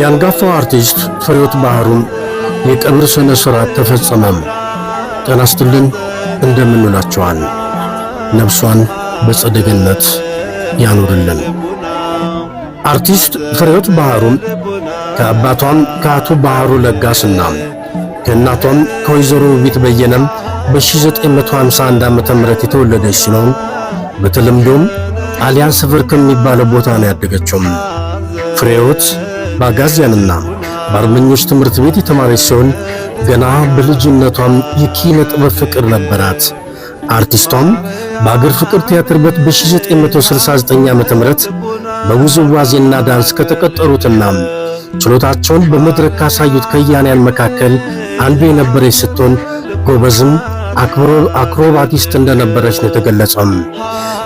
የአንጋፋው አርቲስት ፍሬወት ባህሩን የቀብር ሥነ ሥርዓት ተፈጸመም። ጤና ይስጥልን እንደምንላችኋል። ነፍሷን በአጸደ ገነት ያኑርልን። አርቲስት ፍሬሕይወት ባህሩን ከአባቷም ከአቶ ባህሩ ለጋስና እናቷም ከወይዘሮ ውቢት በየነም በ1951 ዓመተ ምህረት የተወለደች ሲሆን በተለምዶም አሊያንስ ፍር ከሚባለው ቦታ ነው ያደገችው። ፍሬዎት በአጋዚያንና በአርመኞች ትምህርት ቤት የተማረች ሲሆን ገና በልጅነቷም የኪነ ጥበብ ፍቅር ነበራት። አርቲስቷም በአገር ፍቅር ቲያትር ቤት በ1969 ዓመተ ምህረት በውዝዋዜና ዳንስ ከተቀጠሩትና ችሎታቸውን በመድረክ ካሳዩት ከያንያን መካከል አንዱ የነበረች ስትሆን ጎበዝም አክሮባቲስት እንደነበረች ነው የተገለጸው።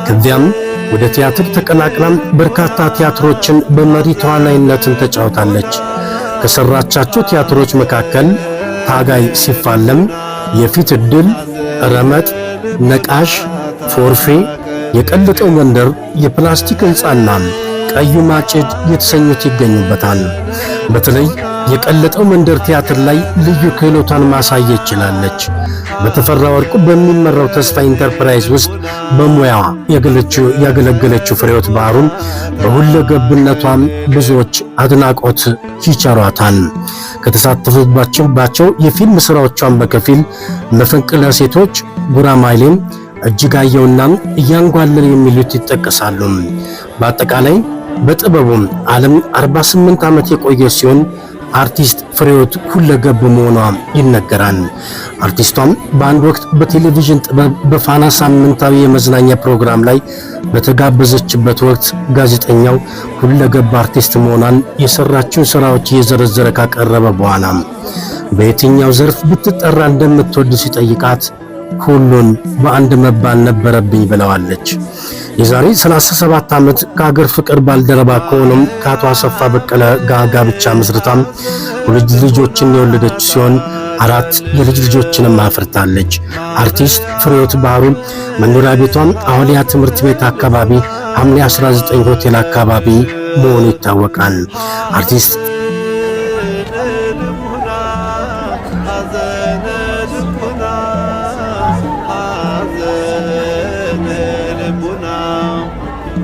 ከዚያም ወደ ቲያትር ተቀላቅላም በርካታ ቲያትሮችን በመሪ ተዋናይነትን ተጫውታለች። ከሰራቻቸው ቲያትሮች መካከል ታጋይ ሲፋለም፣ የፊት ዕድል፣ ረመጥ፣ ነቃሽ፣ ፎርፌ፣ የቀለጠው መንደር፣ የፕላስቲክ ሕንፃና ቀዩ ማጭድ የተሰኙት ይገኙበታል። በተለይ የቀለጠው መንደር ቲያትር ላይ ልዩ ክህሎቷን ማሳየት ችላለች። በተፈራ ወርቁ በሚመራው ተስፋ ኢንተርፕራይዝ ውስጥ በሙያዋ ያገለገለችው ፍሬዎት ባህሩን ገብነቷም ብዙዎች አድናቆት ይቸሯታል። ከተሳተፉባቸው የፊልም ስራዎቿን በከፊል መፈንቅለ ሴቶች፣ ጉራማይሌም፣ እጅጋየውና እያንጓለል የሚሉት ይጠቀሳሉ። በአጠቃላይ በጥበቡም ዓለም 48 ዓመት የቆየ ሲሆን አርቲስት ፍሬህይወት ሁለገብ መሆኗ ይነገራል። አርቲስቷም በአንድ ወቅት በቴሌቪዥን ጥበብ በፋና ሳምንታዊ የመዝናኛ ፕሮግራም ላይ በተጋበዘችበት ወቅት ጋዜጠኛው ሁለገብ አርቲስት መሆኗን የሰራችውን ስራዎች እየዘረዘረ ካቀረበ በኋላ በየትኛው ዘርፍ ብትጠራ እንደምትወድ ሲጠይቃት ሁሉን በአንድ መባል ነበረብኝ ብለዋለች። የዛሬ 37 ዓመት ከሀገር ፍቅር ባልደረባ ከሆኑም ከአቶ አሰፋ በቀለ ጋር ጋብቻ መስርታም ሁለት ልጆችን የወለደች ሲሆን አራት የልጅ ልጆችንም አፍርታለች። አርቲስት ፍሬዎት ባህሩ መኖሪያ ቤቷም አውሊያ ትምህርት ቤት አካባቢ ሐምሌ 19 ሆቴል አካባቢ መሆኑ ይታወቃል። አርቲስት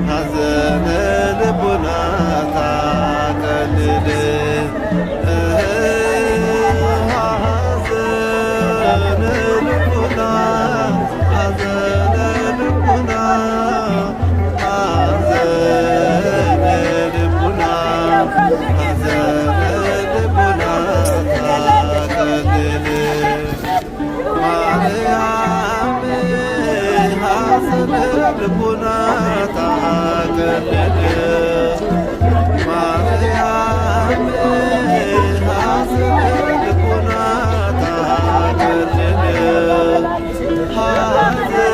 ሐዘን ልቡና ታቀልል ሐዘን ልቡና ልቡና ታቀለለ ማርያም ሐዘን ልቡና ታቀለለ ሐዘን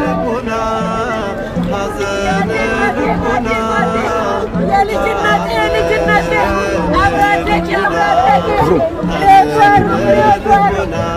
ልቡና ሐዘን ልቡና የልጅነት የልጅነት አብራደቅ አብራደቅ ነበሩ ነበሩ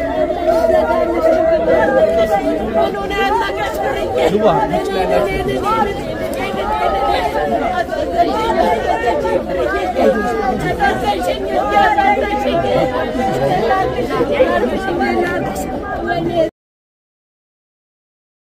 Dua. Dua.